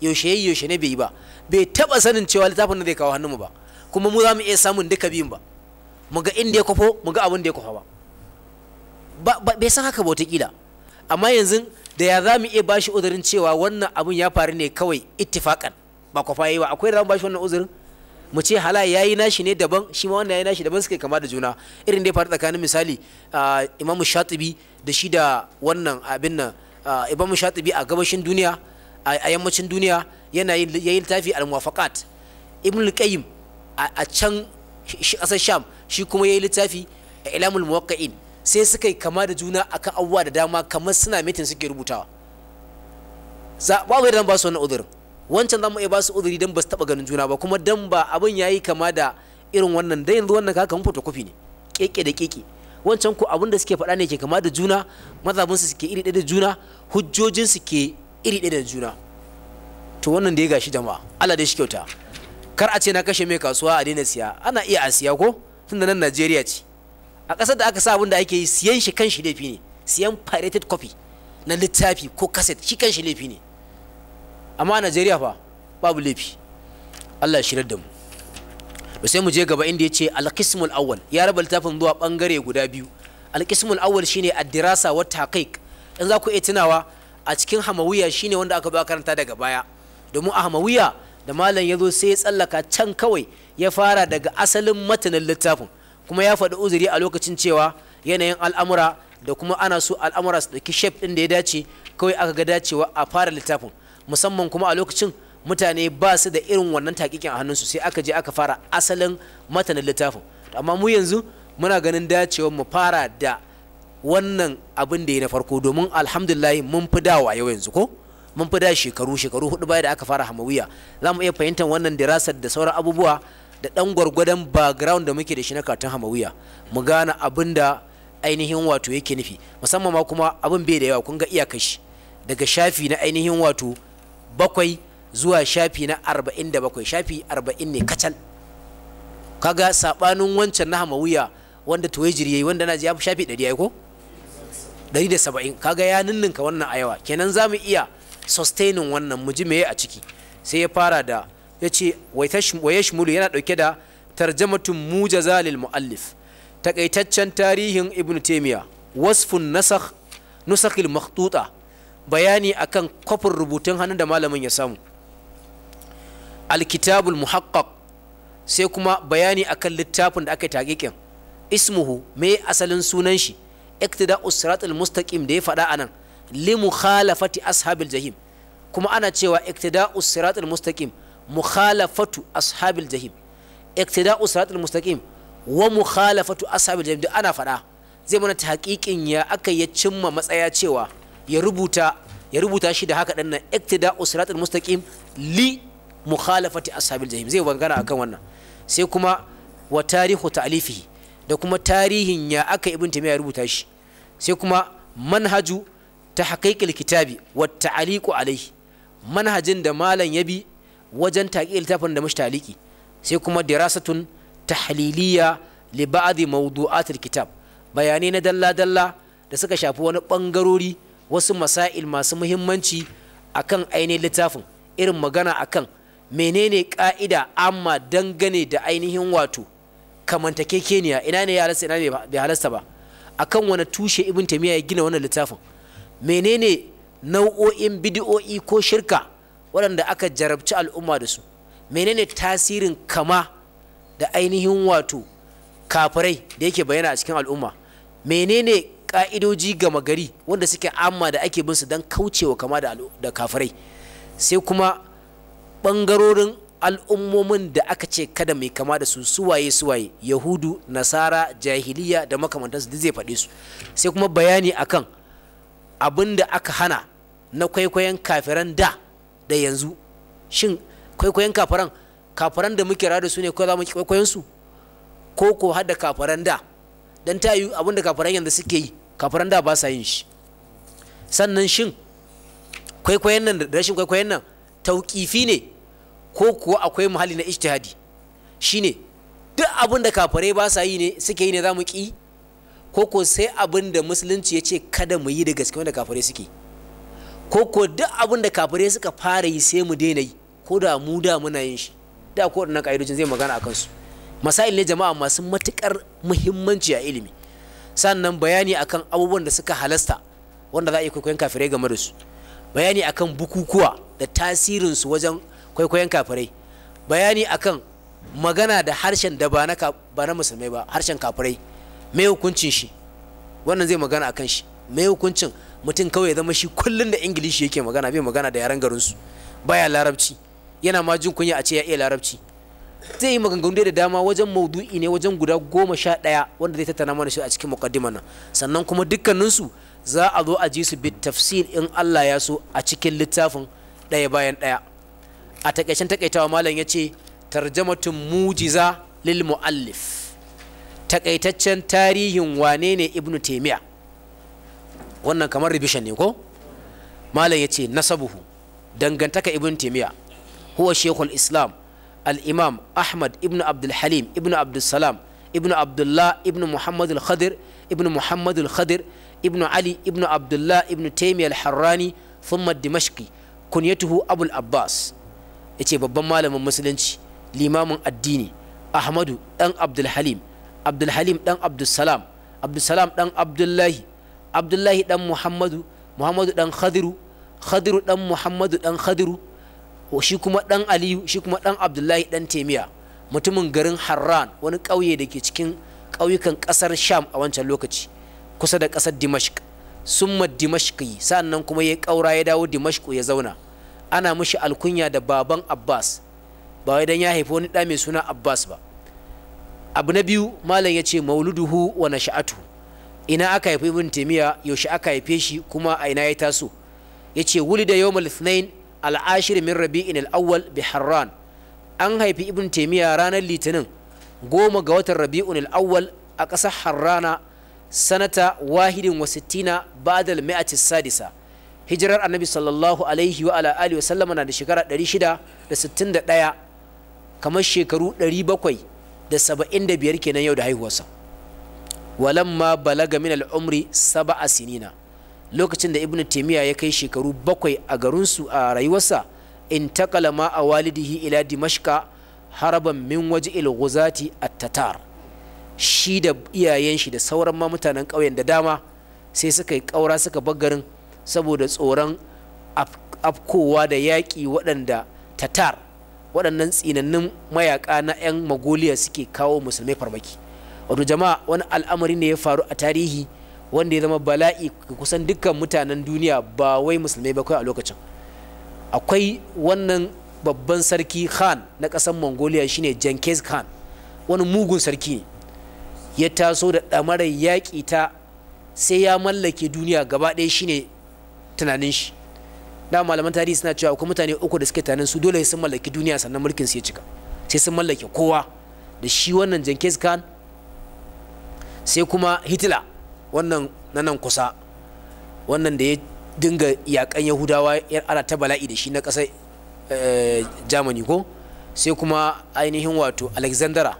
yaushe yayi yaushe ne bai ba bai taba sanin cewa littafin da zai kawo hannunmu ba kuma mu za mu iya samun duka biyun ba mu ga inda ya kwafo mu ga abin da ya kwafa ba bai san haka ba kila amma yanzu da ya za mu iya bashi uzurin cewa wannan abun ya faru ne kawai ittifakan ba kwafa yayi ba akwai da za mu bashi wannan uzurin mu ce hala yayi nashi ne daban shi ma wannan yayi nashi daban suke kama da juna irin da ya faru tsakanin misali imamu shatibi da shi da wannan abin nan imamu shatibi a gabashin duniya a yammacin duniya yana yin yayi littafi al-muwafaqat ibn al-qayyim a can ƙasar sham shi kuma yayi littafi ilamul muwaqqi'in sai suka yi kama da juna akan abubuwa da dama kamar suna mitin suke rubutawa za wai dan ba su wannan uzurin wancan zamu mu iya ba su uzuri dan ba su taba ganin juna ba kuma dan ba abin yayi kama da irin wannan da yanzu wannan kaka mun photocopy ne keke da keke wancan ko abin da suke faɗa ne ke kama da juna mazabin su suke iri ɗaya da juna hujjojin su ke iri ɗaya da juna to wannan da ya gashi jama'a Allah da shi kyauta kar a ce na kashe mai kasuwa a daina siya ana iya a siya ko tunda nan Najeriya ce a ƙasar da aka sa abin da ake yi siyan shi kan shi laifi ne siyan pirated copy na littafi ko kaset shi kan shi laifi ne amma a Najeriya fa babu laifi Allah ya shirar da mu to sai mu je gaba inda yace al-qismul awwal ya raba littafin zuwa bangare guda biyu al-qismul awwal shine ad-dirasa wa taqiq in za ku iya tunawa a cikin hamawiya shine wanda aka ba karanta daga baya domin a hamawiya da malam ya zo sai ya tsallaka can kawai ya fara daga asalin matanin littafin kuma ya faɗi uzuri a lokacin cewa yanayin al'amura da kuma ana so al'amura su ɗauki shape ɗin da ya dace kawai aka ga dacewa a fara littafin musamman kuma a lokacin mutane ba su da irin wannan takikin a su sai aka je aka fara asalin matanin littafin amma mu yanzu muna ganin dacewa mu fara da wannan abin da ya na farko domin alhamdulillah mun fi dawa yau yanzu ko mun fi da shekaru shekaru hudu baya da aka fara hamawiya za mu iya fahimtar wannan dirasar da sauran abubuwa da dan gwargwadon background da muke da shi na katon hamawiya mu gane abin da ainihin wato yake nufi musamman ma kuma abin bai da yawa kun ga iyakashi daga shafi na ainihin wato bakwai zuwa shafi na arba'in da bakwai shafi arba'in ne kacal kaga sabanin wancan na hamawiya wanda tuwejiri yayi wanda na ji ya shafi ɗari ya ko 170 kaga ya ninninka wannan ayawa kenan za mu iya sustaining wannan mu ji meye a ciki sai ya fara da ya ce wayashmulu yana ɗauke da tarjamatun mujaza lil muallif takaitaccen tarihin ibn taimiya wasfun nasakh nusakil makhtuta bayani akan kwafin rubutun hannun da malamin ya samu alkitabul muhaqqaq sai kuma bayani akan littafin da aka yi ismuhu me asalin sunan shi iktida'u siratul mustaqim da ya faɗa anan li mukhalafati ashabil jahim kuma ana cewa iktida'u siratul mustaqim mukhalafatu ashabil jahim iktida'u siratul mustaqim wa mukhalafatu ashabil jahim ana faɗa zai mana ta haƙiƙin ya aka ya cimma matsaya cewa ya rubuta ya rubuta shi da haka dinnan iktida'u siratul mustaqim li mukhalafati ashabil jahim zai bangana akan wannan sai kuma wa tarihu ta'alifihi da kuma tarihin ya aka ibn ya rubuta shi sai kuma manhaju ta haƙaƙil kitabi wa aliku alaihi manhajin da malam ya bi wajen taƙi littafin da mashi taliki sai kuma dirasatun tahliliya li ba'dhi mawdu'atil kitab bayanai na dalla dalla da suka shafi wani bangarori wasu masail masu muhimmanci akan ainihin littafin irin magana akan menene ka'ida amma dangane da ainihin wato kamantakekeniya ina ne ya halasta ina bai halasta ba akan wani tushe ibn taimiyya ya gina wannan littafin menene nau'o'in bidi'o'i ko shirka waɗanda aka jarabci al'umma da su menene tasirin kama da ainihin wato kafirai da yake bayyana a cikin al'umma menene ka'idoji gama gari wanda suke amma da ake bin su don kaucewa kama da kafirai sai kuma ɓangarorin al'ummomin da aka ce kada mai kama da su suwaye suwaye yahudu nasara jahiliya da makamantansu duk zai faɗe su sai kuma bayani akan abin da aka hana na kwaikwayon kafiran da da yanzu shin kwaikwayon kafiran kafiran da muke rada su ne kawai za mu kwaikwayon su ko ko har da kafiran da dan ta yi abin da kafiran yanzu suke yi kafiran da ba sa yin shi sannan shin kwaikwayon nan da rashin kwaikwayon nan tauƙifi ne ko kuwa akwai muhalli na ijtihadi shine duk abin da kafirai ba sa yi ne suke yi ne za mu ƙi ko ko sai abin da musulunci ya ce kada mu yi da gaske wanda kafirai suke ko ko duk abin da kafirai suka fara yi sai mu daina yi ko da mu da muna yin shi da ko waɗannan ƙa'idojin zai magana a kansu masail ne jama'a masu matukar muhimmanci a ilimi sannan bayani akan abubuwan da suka halasta wanda za a yi kwaikwayon kafirai game da su bayani akan bukukuwa da tasirinsu wajen kwaikwayon kafirai bayani akan magana da harshen da ba na musulmai ba harshen kafirai mai hukuncin shi wannan zai magana akan shi mai hukuncin mutum kawai ya zama shi kullum da ingilishi yake magana bai magana da yaren garinsu baya larabci yana ma jin kunya a ce ya iya larabci zai yi maganganu da dama wajen maudu'i ne wajen guda goma sha ɗaya wanda zai tattana mana shi a cikin muƙaddiman nan sannan kuma dukkaninsu za a zo a ji su bi tafsir in Allah ya so a cikin littafin ɗaya bayan ɗaya a takaicen takaitawa malam ya ce tarjamatun mujiza lil muallif takaitaccen tarihin wane ne ibnu taimiya wannan kamar revision ne ko malam ya ce nasabuhu dangantaka ibnu taimiya huwa shekul islam al-imam ahmad ibnu abdulhalim ibnu abdul salam ibnu abdullah ibnu muhammad al-khadir ibnu muhammad al-khadir ibnu ali ibnu abdullah ibnu taimiya al-harrani thumma dimashqi kunyatuhu abul abbas ya ce babban malamin musulunci limamin addini ahmadu ɗan abdulhalim abdulhalim ɗan abdulsalam abdulsalam dan abdullahi abdullahi dan muhammadu muhammadu dan khadiru khadiru dan muhammadu dan khadiru shi kuma ɗan aliyu shi kuma ɗan abdullahi ɗan taimiya mutumin garin harran wani ƙauye da ke cikin ƙauyukan ƙasar sham a wancan lokaci kusa da ƙasar dimashq summa yi sannan kuma ya ƙaura ya dawo dimashq ya zauna ana mashi alkunya da baban abbas ba wai dan ya haifi wani ɗa mai suna abbas ba abu na biyu malam ya ce mauluduhu wa nasha'atu ina aka haifi ibn taimiya yaushe aka haife shi kuma a ina ya taso ya ce wulida yawmal ithnain al'ashir min rabi'in al'awwal bi harran an haifi ibn taimiya ranar litinin goma ga watan rabi'un al'awwal a ƙasar harrana sanata wahidin wa sittina ba'dal mi'ati sadisa hijirar annabi sallallahu alaihi wa alihi wa sallama na da shekara 661 kamar shekaru 775 kenan yau da haihuwarsa walamma balaga min al'umri saba'a sinina lokacin da ibnu taimiyya ya kai shekaru bakwai a garinsu a rayuwarsa in takala ma a walidihi ila dimashka haraban min waje ilguzati a tatar shi da iyayen shi da sauran ma mutanen ƙauyen da dama sai suka yi ƙaura suka bar garin saboda tsoron afkowa da yaƙi waɗanda tatar waɗannan tsinannin mayaƙa na 'yan magoliya suke kawo musulmai farmaki wato jama'a wani al'amari ne ya faru a tarihi wanda ya zama bala'i ga kusan dukkan mutanen duniya ba wai musulmai ba kawai a lokacin akwai wannan babban sarki khan na ƙasar mongolia shine jenkins khan wani mugun sarki ne ya taso da ɗamarar yaƙi ta sai ya mallake duniya gaba ɗaya shine tunanin shi da malaman tarihi suna cewa akwai mutane uku da suke tunanin su dole sun mallaki duniya sannan mulkin su ya cika sai sun mallake kowa da shi wannan Jenkins Khan sai kuma Hitler wannan na nan kusa wannan da ya dinga yakan Yahudawa ya ana ta bala'i da shi na ƙasar eh, Germany ko sai kuma ainihin wato Alexandra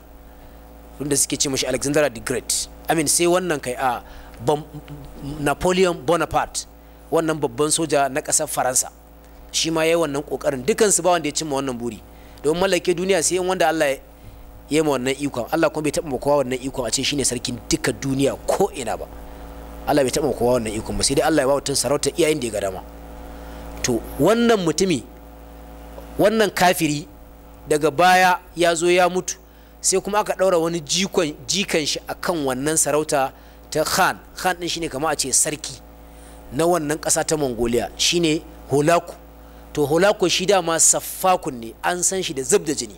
wanda suke ce mashi Alexandra the Great I mean sai wannan kai a ah, Napoleon Bonaparte wannan babban soja na ƙasar faransa shi ma ya yi wannan ƙoƙarin dukansu ba wanda ya cimma wannan buri don mallake duniya sai in wanda allah ya yi ma wannan ikon allah kuma bai taɓa ma kowa wannan ikon a ce shine sarkin duka duniya ko ina ba allah bai taɓa ma kowa wannan ikon ba sai dai allah ya ba mutum sarauta iyayen da ya ga dama to wannan mutumi wannan kafiri daga baya ya zo ya mutu sai kuma aka ɗaura wani jikon jikan shi akan wannan sarauta ta khan khan din shine kama a ce sarki na wannan ƙasa ta mongolia shine holaku to holako shi dama saffakun ne an san shi da zub da jini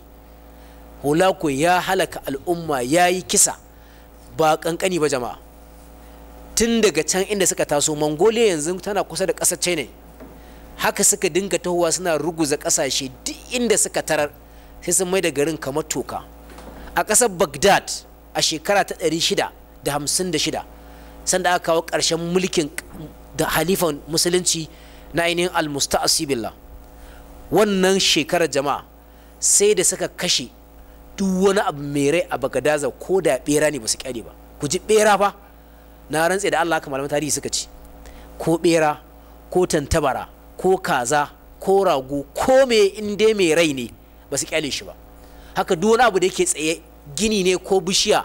holako ya halaka al'umma ya yi kisa ba kankani ba jama'a tun daga can inda suka taso mongolia yanzu tana kusa da ƙasar china haka suka dinga tahowa suna ruguza ƙasashe duk inda suka tarar sai sun mai da garin kamar toka a ƙasar bagdad a shekara ta 656 sanda aka kawo ƙarshen mulkin da halifan musulunci na ainihin almusta asibila wannan shekarar jama'a sai da suka kashe duk wani abu mai rai a bagadaza ko da bera ne ba su kyale ba ku ji bera fa na rantse da Allah kamar tarihi suka ci ko bera ko tantabara ko kaza ko rago ko me in dai mai rai ne ba su kyale shi ba haka duk wani abu da yake tsaye gini ne ko bishiya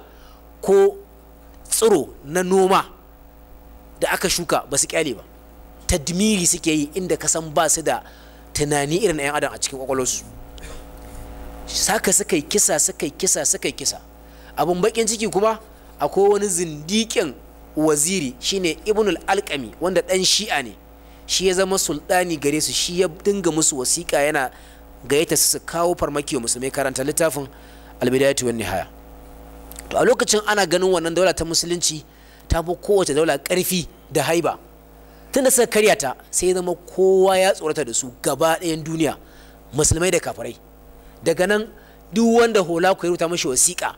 ko tsiro na noma da aka shuka ba su kyale ba tadmiri suke yi inda ka san ba su da tunani irin na 'yan adam a cikin kwakwalwarsu saka suka yi kisa suka yi kisa suka yi kisa abin bakin ciki kuma akwai wani zindikin waziri shine ibnul alkami wanda dan shi'a ne shi ya zama sultani gare su shi ya dinga musu wasiƙa yana gayyata su kawo farmaki wa musulmai karanta littafin albidayatu wan nihaya to a lokacin ana ganin wannan daula ta musulunci ta fi kowace daula ƙarfi da haiba tun da suka karya ta sai ya zama kowa ya tsorata da su gaba ɗayan duniya musulmai da kafirai daga nan duk wanda hola ku rubuta mashi wasiƙa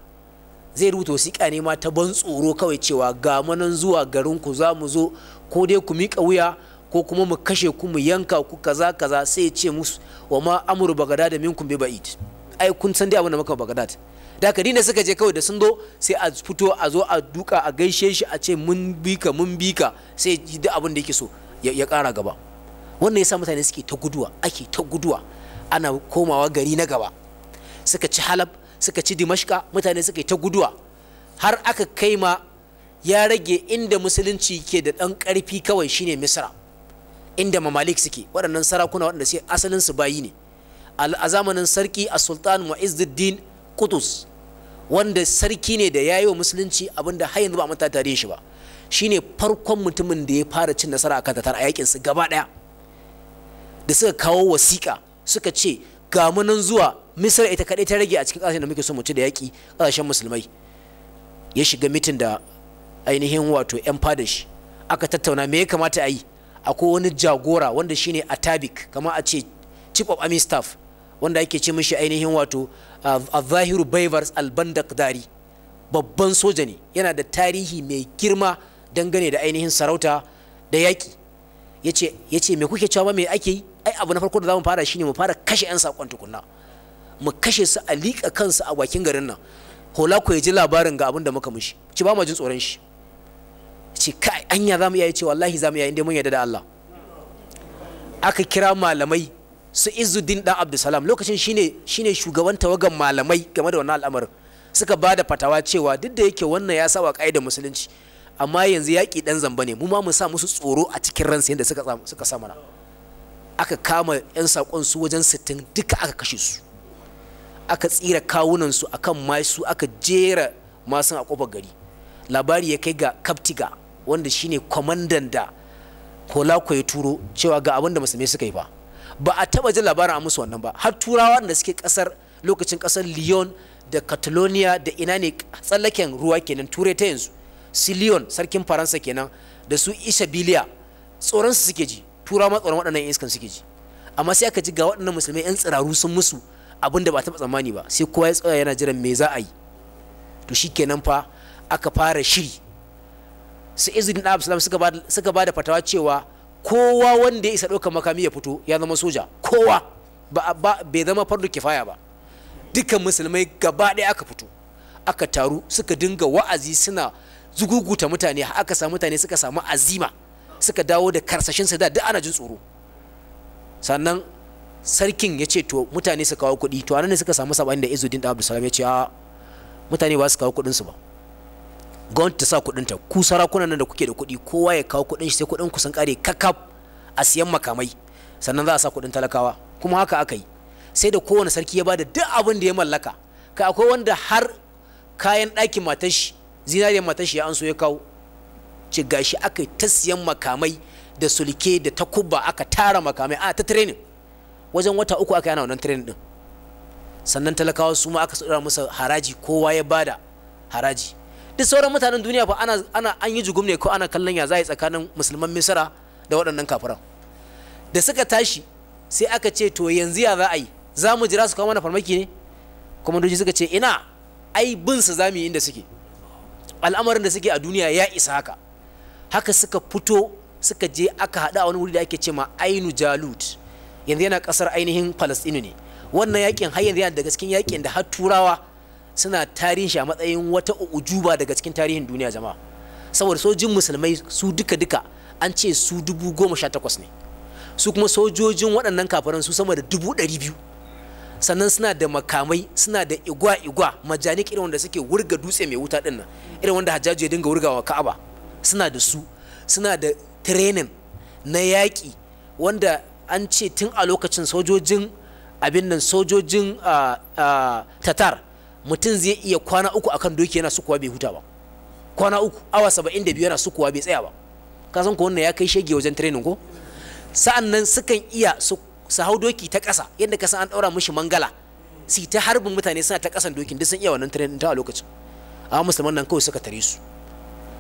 zai rubuta wasiƙa ne ma ta ban tsoro kawai cewa ga manan zuwa garin ku za mu zo ko dai ku miƙa wuya ko kuma mu kashe ku mu yanka ku kaza kaza sai ya ce musu wa ma amuru bagada da minkum bi ba'id ai kun san dai abin da muka bagdad da haka dina suka je kawai da sun zo sai a fito a zo a duka a gaishe shi a ce mun bika mun bika sai sai duk abin da yake so ya kara gaba wannan yasa mutane suke ta guduwa ake ta guduwa ana komawa gari na gaba suka ci halab suka ci dimashka mutane suka yi ta guduwa har aka kai ma ya rage inda musulunci ke da dan karfi kawai shine misra inda mamalik suke waɗannan sarakuna waɗanda sai asalin su bayi ne a zamanin sarki a sultan mu'izzuddin kudus wanda sarki ne da ya yi wa musulunci abinda har yanzu ba manta tarihin shi ba shine farkon mutumin da ya fara cin nasara kan tatar a yakinsu su gaba daya da suka kawo wasiƙa suka ce ga munan zuwa misra ita kaɗai ta rage a cikin ƙasashen da muke so mu ci da yaƙi ƙasashen musulmai ya shiga mitin da ainihin wato yan fada shi aka tattauna me ya kamata a yi akwai wani jagora wanda shine atabik kama a ce chief of army staff wanda ake ce mishi ainihin wato a zahiru baivars dari. babban soja ne yana da tarihi mai girma dangane da ainihin sarauta da yaƙi ya ce me kuke cewa me ake yi ai abu na farko da za mu fara shine mu fara kashe 'yan saƙon tukunna mu kashe su a liƙa kansu a bakin garin nan hola ku ji labarin ga abin da muka mishi ci ba mu jin tsoron shi ce kai anya za mu iya ce wallahi za mu iya inda mun yarda da Allah aka kira malamai su izuddin dan abdulsalam lokacin shine shine shugaban tawagan malamai game da wannan al'amarin suka ba da fatawa cewa duk da yake wannan ya sawa da musulunci amma yanzu yaƙi ɗan zamba ne mu ma mu sa musu tsoro a cikin ransu yadda suka sa mana aka kama yan sakon su wajen sittin duka aka kashe su aka tsira kawunan su akan masu aka jera masu a kofar gari labari ya kai ga kaptiga wanda shine kwamandan da kola ya turo cewa ga abin da musulmai suka yi ba ba a taba jin labarin a musu wannan ba har turawa da suke kasar lokacin kasar lyon da catalonia da ina ne tsallaken ruwa kenan turai ta yanzu si lyon sarkin faransa kenan da su ishabiliya tsoron su suke ji turawa ma tsoron waɗannan iskan suke ji amma sai aka ji ga waɗannan musulmai yan tsiraru sun musu abin da ba taɓa tsammani ba sai kowa ya tsaya yana jiran me za a yi to shikenan fa aka fara shiri su izinin da suka ba da fatawa cewa kowa wanda ya isa ɗaukar makami ya fito ya zama soja kowa ba bai zama fardu kifaya ba dukkan musulmai gaba ɗaya aka fito aka taru suka dinga wa'azi suna zuguguta mutane aka samu mutane suka samu azima suka dawo da karsashin su da duk ana jin tsoro sannan sarkin ya ce to mutane su kawo kuɗi to anan ne suka samu sabani da izudin da abdulsalam ya ce a mutane ba su kawo kuɗinsu ba gwamnati ta sa ta ku sarakunan nan da kuke da kuɗi kowa ya kawo kuɗin shi sai kuɗin ku sun kare kakaf a siyan makamai sannan za a sa kuɗin talakawa kuma haka aka yi sai da kowane sarki ya bada duk abin da ya mallaka ka akwai wanda har kayan ɗakin matashi shi zinariyar ya anso ya kawo ci gashi aka yi ta siyan makamai da sulke da takubba aka tara makamai a ta training wajen wata uku aka yana wannan training din sannan talakawa su ma aka sadara musu haraji kowa ya bada haraji duk sauran mutanen duniya fa ana ana an yi jugum ne ko ana kallon ya zai tsakanin musulman misra da waɗannan kafiran da suka tashi sai aka ce to yanzu ya za a yi za mu jira su kawo mana farmaki ne kuma doji suka ce ina ai bin su za mu yi inda suke al'amarin da suke a duniya ya isa haka haka suka fito suka je aka haɗu a wani wuri da ake ce ma ainu jalut yanzu yana ƙasar ainihin palestinu ne wannan yakin har yanzu yana daga cikin yakin da har turawa suna tarihin shi a matsayin wata ujuba daga cikin tarihin duniya zama saboda sojin musulmai su duka duka an ce su dubu goma sha takwas ne su kuma sojojin waɗannan kafaran su sama da dubu ɗari biyu sannan suna da makamai suna da igwa igwa majanik irin wanda suke wurga dutse mai wuta dinnan nan irin wanda hajjaju ya dinga wurgawa ka'aba suna da su suna da training na yaƙi wanda an ce tun a lokacin sojojin abin nan sojojin ah, ah, tatar mutum zai iya kwana uku akan doki yana sukuwa bai huta ba kwana uku awa saba'in da biyu yana sukuwa bai tsaya ba ka san ko wannan ya kai shege wajen training ko sa'an nan sukan iya su hau doki ta ƙasa yadda ka san an ɗaura mishi mangala si ta harbin mutane suna ta ƙasan dokin duk sun iya wannan training ta a lokacin amma musulman nan kawai suka tare su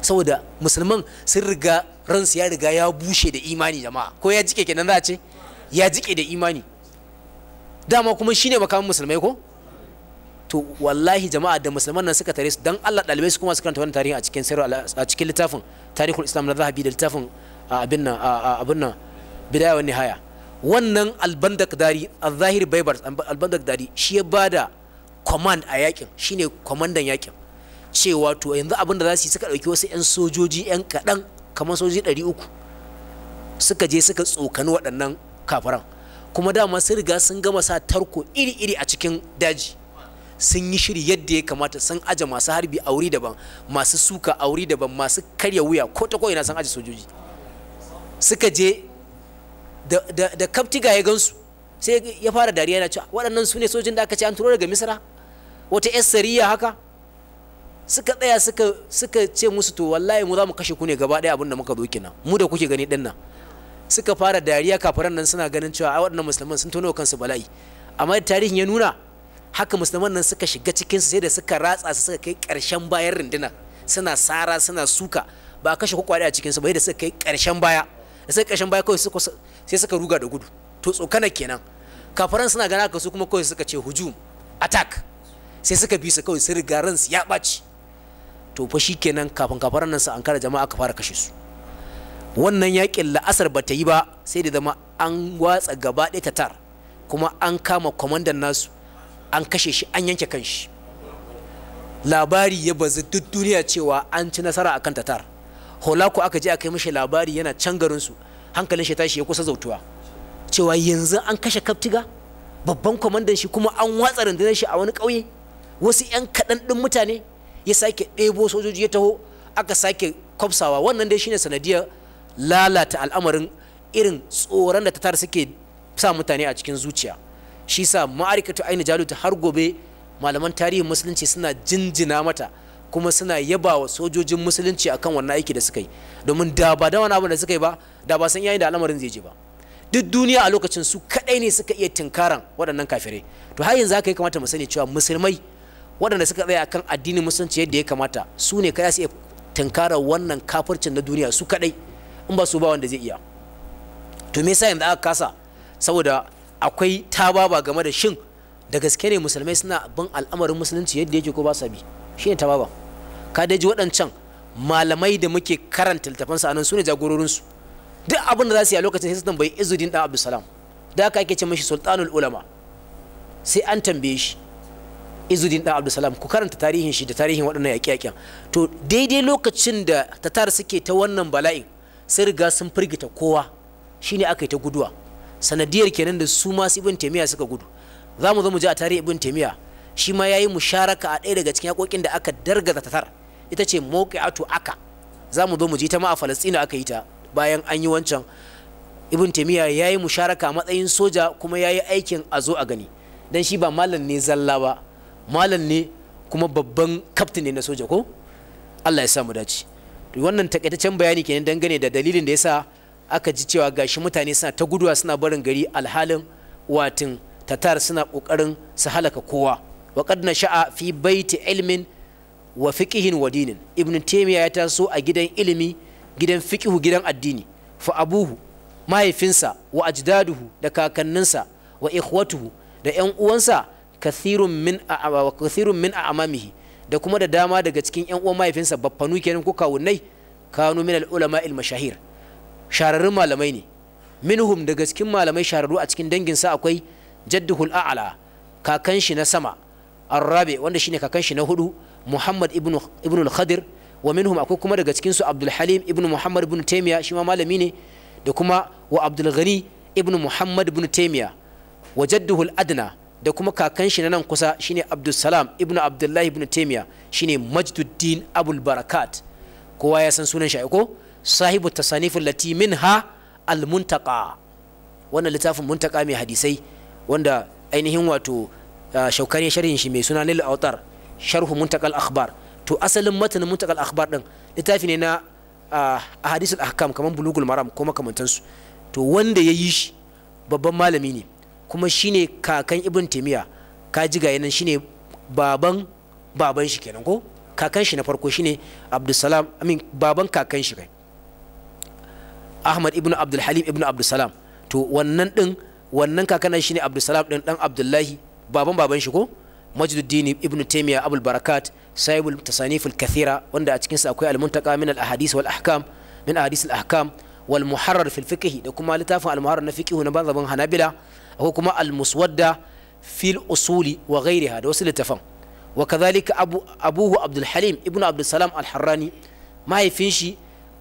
saboda musulman sun riga ransu ya riga ya bushe da imani jama'a ko ya jike kenan za a ce ya jike da imani dama kuma shine makamin musulmai ko to wallahi jama'a da musulman nan suka tare su dan Allah dalibai su kuma su karanta wannan tarihi a cikin sirru a cikin littafin tarihul islam na zahabi da littafin abin nan abin nan bidaya wa nihaya wannan albandak dari al-zahir baibar albandak dari shi ya bada command a yakin shine kwamandan yakin cewa to yanzu abin da za su yi suka dauki wasu 'yan sojoji 'yan kaɗan kamar sojoji 300 suka je suka tsokani waɗannan kafaran kuma dama sun riga sun gama sa tarko iri-iri a cikin daji sun yi shiri yadda ya kamata sun aje masu harbi a wuri daban masu suka a wuri daban masu karya wuya ko ta na sun aje sojoji suka je da kaftiga ya gansu sai ya fara dariya yana cewa waɗannan su ne sojin da aka ce an turo daga Misira wata yar sariya haka suka tsaya suka suka ce musu to wallahi mu za mu kashe ku ne gaba ɗaya abin da muka zo kenan mu da kuke gani dinnan suka fara dariya kafaran nan suna ganin cewa ai waɗannan musulman sun tono kansu bala'i amma tarihin ya nuna haka musulman nan suka shiga cikinsu sai da suka ratsa su suka kai ƙarshen bayan runduna suna sara suna suka ba a kashe kwakwale a cikinsu ba da suka kai ƙarshen baya da suka ƙarshen baya kawai sai suka ruga da gudu to tsokana kenan kafaran suna gana ka su kuma kawai suka ce hujum attack sai suka bi su kawai sun riga su ya ɓaci to fa kenan kafin kafaran nan su an kare jama'a ka fara kashe su wannan yakin la'asar ba ta yi ba sai da zama an watsa gaba ɗaya tatar kuma an kama kwamandan nasu an kashe shi an yanke kan shi labari ya bazu duk duniya cewa an ci nasara akan tatar holako aka je aka yi mishi labari yana can garinsu hankalin shi tashi ya kusa zautuwa cewa yanzu an kashe kaftiga babban kwamandan shi kuma an watsa rundunar shi a wani ƙauye wasu 'yan kaɗan ɗin mutane ya sake ɗebo sojoji ya taho aka sake kwafsawa wannan dai shine sanadiyar lalata al'amarin irin tsoron da tatar suke sa mutane a cikin zuciya shi sa ma'arikatu aini jaluta har gobe malaman tarihin musulunci suna jinjina mata kuma suna yaba wa sojojin musulunci akan wannan aiki da suka yi domin da ba da wani abu da suka yi ba da ba san yayin da al'amarin zai je ba duk duniya a lokacin su kadai ne suka iya tinkaran waɗannan kafirai to har yanzu haka ya kamata mu sani cewa musulmai waɗanda suka tsaya akan addinin musulunci yadda ya kamata su ne kai su iya tinkara wannan kafircin na duniya su kadai in ba su ba wanda zai iya to me yasa yanzu aka kasa saboda akwai tababa game da shin da gaske ne musulmai suna bin al'amarin musulunci yadda yake ko ba sa bi shi ne tababa ka daji waɗancan malamai da muke karanta littafan sa anan su ne jagororinsu duk abin da za su yi a lokacin sai su tambayi izudin ɗan abdulsalam da haka ake ce mashi sultanul ulama sai an tambaye shi izudin ɗan abdulsalam ku karanta tarihin shi da tarihin waɗannan yaƙe-yaƙen to daidai lokacin da tatar suke ta wannan bala'in sai riga sun firgita kowa shine aka yi ta guduwa sanadiyar kenan da su masu ibn taimiyya suka gudu za mu zo mu ji a tarihi ibn taimiyya shi ma ya yi musharaka a ɗaya daga cikin yaƙoƙin da aka dargaza tatar ita ce mawqi'atu aka za mu zo mu ji ta ma a falastina aka yi ta bayan an yi wancan ibn taimiyya ya yi musharaka matsayin soja kuma ya yi aikin a zo a gani dan shi ba malam ne zalla ba malam ne kuma babban kaftin ne na soja ko Allah ya sa mu dace wannan takaitaccen bayani kenan dangane da dalilin da ya sa. aka ji cewa gashi mutane suna ta guduwa suna barin gari alhalin watin tatar suna kokarin su halaka kowa wa qad sha'a fi baiti ilmin wa fiqihin wa dinin ibn taymiya ya taso a gidan ilimi gidan fiqihu gidan addini fa abuhu mahaifinsa wa ajdaduhu da kakanninsa wa ikhwatuhu da yan uwansa kathirun min a kathirun min amamihi da kuma da dama daga cikin yan uwan mahaifinsa baffanu kenan ko kawunnai kanu min al ulama al mashahir shararrun malamai ne minhum da cikin malamai shararru a cikin danginsa akwai jadduhul a'la kakan shi na sama arrabe wanda shine kakan shi na hudu muhammad ibnu ibnu al-khadir wa minhum akwai kuma daga cikin su abdul halim ibnu muhammad ibnu taymiya shi ma malami ne da kuma wa abdul ghani ibnu muhammad ibnu taymiya wa jadduhul adna da kuma kakan shi na nan kusa shine abdul salam ibnu abdullahi ibnu taymiya shine majduddin abul barakat kowa ya san sunan shi ko sahibu tasanifu lati minha almuntaka wannan littafin muntaka mai hadisai wanda ainihin wato ah, shaukani sharhin shi mai suna nila autar sharhu muntakal akhbar to asalin matanin muntakal akhbar din littafi ne na a ah, ahadisul ahkam kamar bulugul maram ko makamantansu to wanda ya yi shi babban malami ne kuma shine kakan ibn ka ji ga yanan shine baban baban shi kenan ko kakan shi na farko shine abdulsalam amin baban kakan shi kai ahmad ibnu abdulhalim Ibn abdulsalam to wannan din wannan kakana shine abdulsalam din dan abdullahi baban baban shi ko majduddin ibnu taymiya abul barakat sahibul tasanif al kathira wanda a cikin sa akwai al muntaka min al ahadith wal ahkam min ahadith al ahkam wal muharrar fil fiqh da kuma littafin al muharrar na fiqh na banzaban hanabila ko kuma al muswadda fil usuli wa ghayriha da wasu littafan wa kadhalika abu abuhu abdul halim ibnu abdul salam al harrani mahaifin shi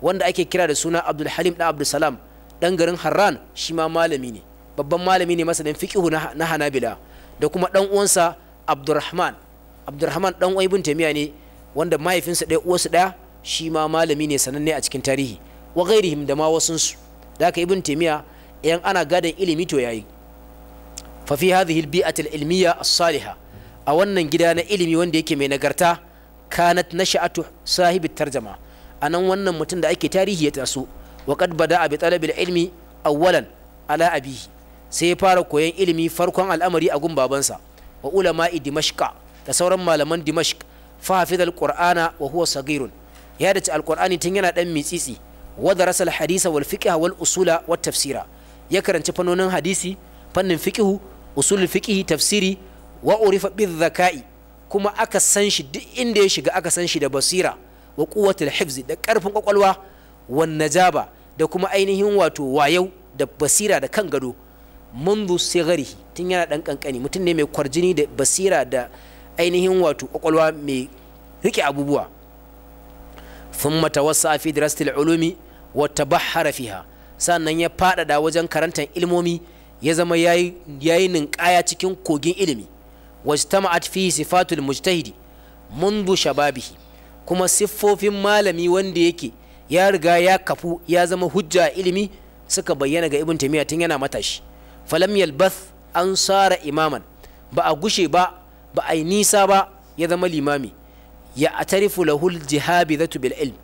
wanda ake kira da suna abdul halim da abdul salam dan garin harran shi ma malami ne babban malami ne masanin fiqhu na hanabila da kuma dan uwansa abdurrahman abdurrahman dan uwa ibn taymiya ne wanda mahaifinsa ɗaya uwarsa ɗaya shi ma malami ne sananne a cikin tarihi wa ghairihim da ma su da haka ibn taymiya yan ana gadon ilimi to yayi fa fi hadhihi al-bi'ati ilmiyya as saliha a wannan gida na ilimi wanda yake mai nagarta kanat nasha'atu sahibi tarjama anan wannan mutum da ake tarihi ya taso wa qad bada'a bi talabil ilmi awwalan ala abihi sai ya fara koyon ilimi farkon al'amari a gun babansa wa ulama dimashqa da sauran malaman dimashq fa hafiz al-qur'ana wa huwa sagirun ya dace al tun yana dan mitsitsi wa darasa hadisa wal fiqh wal usula wat tafsira ya karanci fannonin hadisi fannin fikihu usul fiqh tafsiri wa urifa kuma aka san shi duk inda ya shiga aka san shi da basira wa quwwatul hifzi da karfin kwakwalwa wan najaba da kuma ainihin wato wayau da basira da kan gado mundu sigarihi tun yana dan kankani mutum ne mai kwarjini da basira da ainihin wato kwakwalwa mai rike abubuwa thumma tawassa fi dirastil ulumi wata tabahhara fiha sannan ya fadada wajen karantar ilmomi ya zama yayi yayi ninkaya cikin kogin ilimi wajtama'at fi sifatul mujtahidi mundu shababihi kuma siffofin malami wanda yake ya riga ya kafu ya zama hujja ilimi suka bayyana ga ibn taimiyya tun yana matashi falam yalbath an sara imaman ba a gushe ba ba a yi nisa ba ya zama limami ya atarifu lahul jihabi zatu bil ilm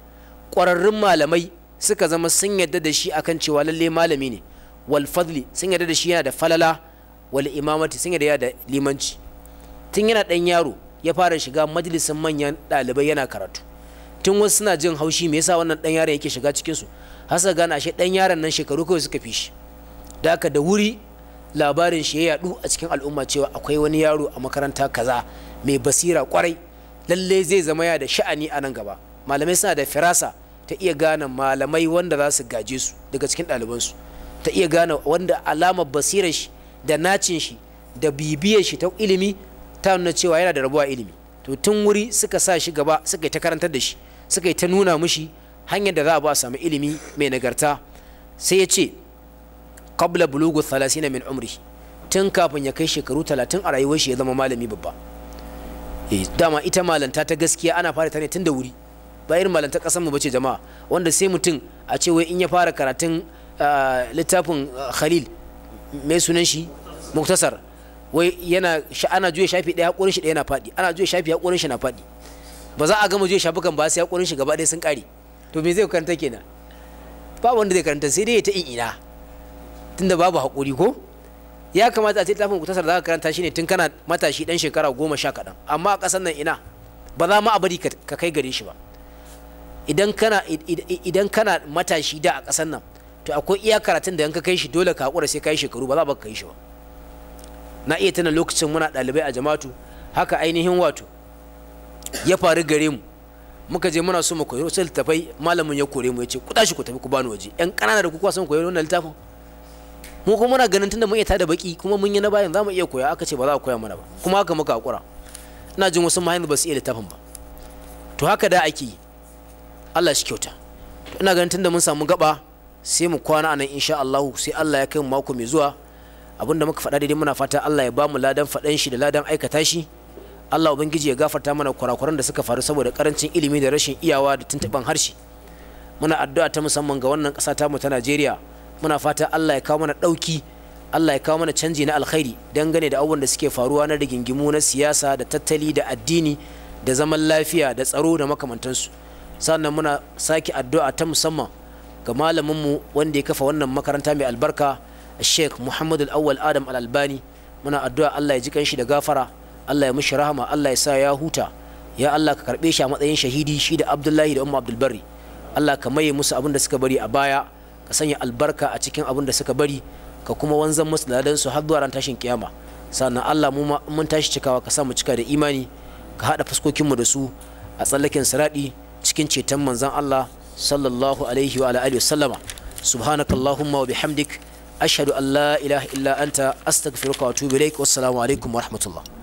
ƙwararrun malamai suka zama sun yadda da shi akan cewa lalle malami ne wal fadli sun yadda da shi yana da falala wal imamati sun yadda da limanci tun yana ɗan yaro ya fara shiga majalisin manyan ɗalibai yana karatu tun wasu suna jin haushi me yasa wannan ɗan yaron yake shiga cikinsu hasa gane ashe ɗan yaron nan shekaru kawai suka fi shi da haka da wuri labarin shi ya yaɗu a cikin al'umma cewa akwai wani yaro a makaranta kaza mai basira kwarai lallai zai zama ya da sha'ani a nan gaba malamai suna da firasa ta iya gane malamai wanda za su gaje su daga cikin su ta iya gane wanda alamar basirar shi da nacin shi da bibiyar shi ta ilimi ta nuna cewa yana da rabuwa ilimi to tun wuri suka sa shi gaba suka yi ta karantar da shi suka yi ta nuna mushi hanyar da za a ba samu ilimi mai nagarta sai ya ce qabla bulugu 30 min umri tun kafin ya kai shekaru talatin a rayuwar shi ya zama malami babba eh, dama ita malanta ta gaskiya ana fara ta ne tun da wuri ba irin malanta kasan mu bace jama'a wanda sai mutum a ce wai in ya fara karatun ah, littafin ah, Khalil mai sunan shi Muktasar wai yana ana juya shafi ɗaya haƙorin shi ɗaya na faɗi ana juya shafi haƙorin shi na faɗi ba za a gama juya shafukan ba sai haƙorin shi gaba ɗaya sun ƙare to me zai karanta kenan ba wanda zai karanta sai dai ya ta in ina tunda babu haƙuri ko ya kamata a ce littafin kutasar da ka karanta shi ne tun kana matashi dan shekara goma sha kaɗan amma a ƙasar nan ina ba za ma a bari ka kai gare shi ba idan kana idan kana matashi da a ƙasar nan to akwai iya karatun da yanka ka kai shi dole ka haƙura sai ka yi shekaru ba za ba ka kai shi ba na iya tana lokacin muna ɗalibai a jama'atu haka ainihin wato ya faru gare mu muka je muna so mu koyo sai littafai malamin ya kore mu ya ce ku tashi ku tafi ku bani waje yan ƙanana da kuka san koyi wannan littafin mu kuma muna ganin tunda mun iya tada baki kuma mun yi na bayan za mu iya koya aka ce ba za a koya mana ba kuma haka muka hakura ina jin wasu mahayin ba su iya littafin ba to haka da ake yi Allah shi kyauta ina ganin tunda mun samu gaba sai mu kwana anan insha Allah sai Allah ya kai mu mako mai zuwa abinda muka faɗa daidai muna fata Allah ya bamu ladan faɗan shi da ladan aikata shi Allah ubangiji ya gafarta mana kurakuran da suka faru saboda karancin ilimi da rashin iyawa da tuntuban harshe muna addu'a ta musamman ga wannan ƙasa mu ta Najeriya muna fata Allah ya kawo mana ɗauki Allah ya kawo mana canji na alkhairi dangane da abubuwan da suke faruwa na rigingimu na siyasa da tattali da addini da zaman lafiya da tsaro da makamantansu sannan muna sake addu'a ta musamman ga malaminmu wanda ya kafa wannan makaranta mai albarka Sheikh Muhammad Al-Awwal Adam al muna addu'a Allah ya ji kanshi da gafara Allah ya mishi rahama Allah ya sa ya huta ya Allah ka karbe shi a matsayin shahidi shi da Abdullahi da Umma Abdul bari Allah ka maye musu abin da suka bari a baya ka sanya albarka a cikin abin da suka bari ka kuma wanzan musu ladan su har zuwa ran tashin kiyama sannan Allah mu mun tashi cikawa ka sa mu cika da imani ka hada fuskokinmu da su a tsallaken siradi cikin ceton manzon Allah sallallahu alaihi wa alihi sallama subhanakallahumma wa bihamdik ashhadu an la ilaha illa anta astaghfiruka wa atubu ilaik wassalamu alaikum wa rahmatullah